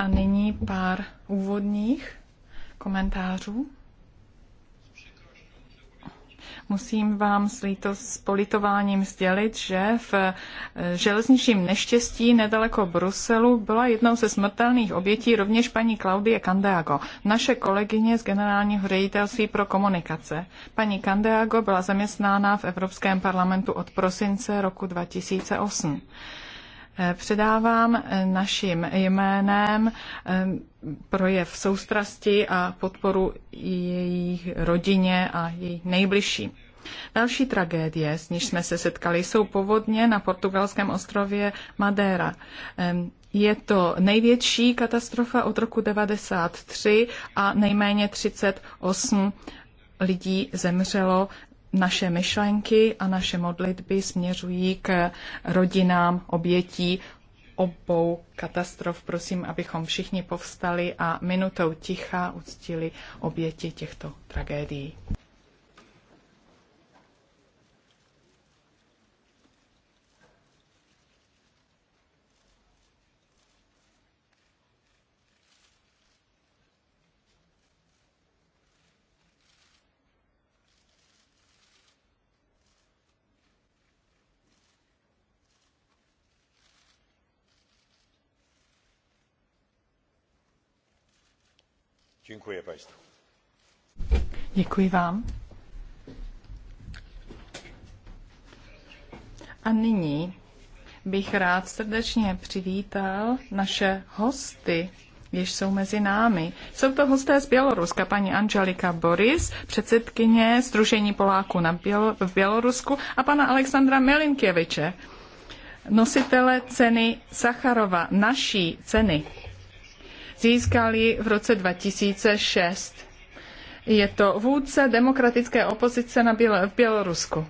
A nyní pár úvodních komentářů. Musím vám s, s politováním sdělit, že v eh, železničním neštěstí nedaleko Bruselu byla jednou ze smrtelných obětí rovněž paní Klaudie Kandeago, naše kolegyně z generálního ředitelství pro komunikace. Paní Kandeago byla zaměstnána v Evropském parlamentu od prosince roku 2008. Předávám naším jménem projev soustrasti a podporu jejich rodině a jejich nejbližším. Další tragédie, s níž jsme se setkali, jsou povodně na portugalském ostrově Madeira. Je to největší katastrofa od roku 1993 a nejméně 38 lidí zemřelo naše myšlenky a naše modlitby směřují k rodinám obětí obou katastrof. Prosím, abychom všichni povstali a minutou ticha uctili oběti těchto tragédií. Děkuji, Děkuji vám. A nyní bych rád srdečně přivítal naše hosty, jež jsou mezi námi. Jsou to hosté z Běloruska, paní Angelika Boris, předsedkyně Združení Poláků na Bělo- v Bělorusku a pana Alexandra Melinkěviče, nositele ceny Sacharova, naší ceny získali v roce 2006. Je to vůdce demokratické opozice na v Bělorusku.